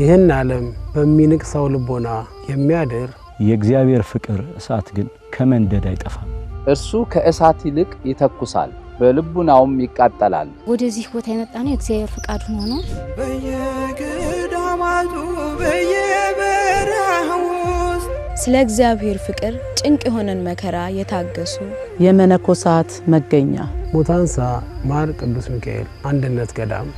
ይህን ዓለም በሚንቅ ሰው ልቦና የሚያድር የእግዚአብሔር ፍቅር እሳት ግን ከመንደድ አይጠፋም። እርሱ ከእሳት ይልቅ ይተኩሳል፣ በልቡናውም ይቃጠላል። ወደዚህ ቦታ የመጣ ነው የእግዚአብሔር ፍቃድ ሆኖ ነው። በየገዳማቱ ውስጥ ስለ እግዚአብሔር ፍቅር ጭንቅ የሆነን መከራ የታገሱ የመነኮሳት መገኛ ሙታንሳ ማር ቅዱስ ሚካኤል አንድነት ገዳም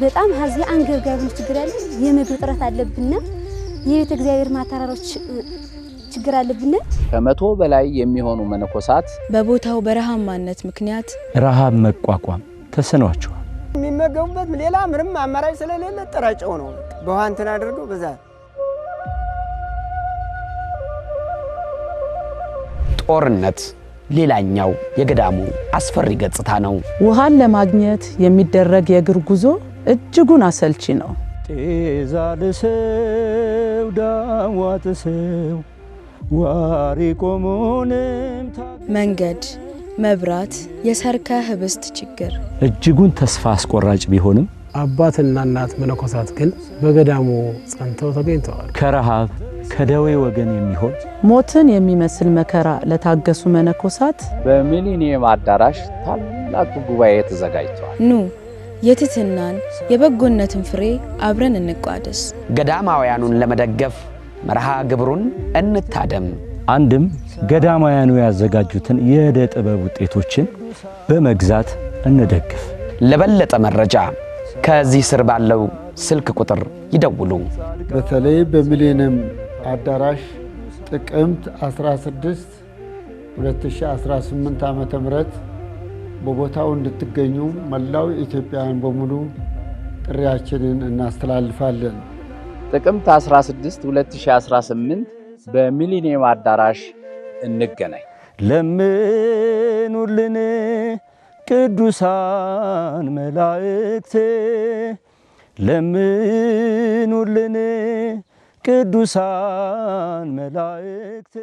በጣም ሀዚህ አንገብጋቢ ችግር አለ። የምግብ እጥረት አለብን። የቤተ እግዚአብሔር ማተራሮች ችግር አለብን። ከመቶ በላይ የሚሆኑ መነኮሳት በቦታው በረሃማነት ምክንያት ረሃብ መቋቋም ተስኗቸዋል። የሚመገቡበት ሌላ ምንም አማራጭ ስለሌለ ጥራጨው ነው። በውሃ እንትን አድርገው በዛ ጦርነት ሌላኛው የገዳሙ አስፈሪ ገጽታ ነው። ውሃን ለማግኘት የሚደረግ የእግር ጉዞ እጅጉን አሰልቺ ነው። ጤዛ ልሰው ዳዋ ጥሰው ዋሪ ቆሞንም መንገድ፣ መብራት፣ የሰርከ ህብስት ችግር እጅጉን ተስፋ አስቆራጭ ቢሆንም አባትና እናት መነኮሳት ግን በገዳሙ ጸንተው ተገኝተዋል። ከረሃብ ከደዌ ወገን የሚሆን ሞትን የሚመስል መከራ ለታገሱ መነኮሳት በሚሊኒየም አዳራሽ ታላቅ ጉባኤ ተዘጋጅተዋል። ኑ የትትናን የበጎነትን ፍሬ አብረን እንቋደስ። ገዳማውያኑን ለመደገፍ መርሃ ግብሩን እንታደም። አንድም ገዳማውያኑ ያዘጋጁትን የዕደ ጥበብ ውጤቶችን በመግዛት እንደግፍ። ለበለጠ መረጃ ከዚህ ስር ባለው ስልክ ቁጥር ይደውሉ። በተለይ በሚሊኒየም አዳራሽ ጥቅምት 16 2018 ም በቦታው እንድትገኙ መላው ኢትዮጵያውያን በሙሉ ጥሪያችንን እናስተላልፋለን። ጥቅምት 16 2018 በሚሊኒየም አዳራሽ እንገናኝ። ለምኑልን ቅዱሳን መላእክት፣ ለምኑልን ቅዱሳን መላእክት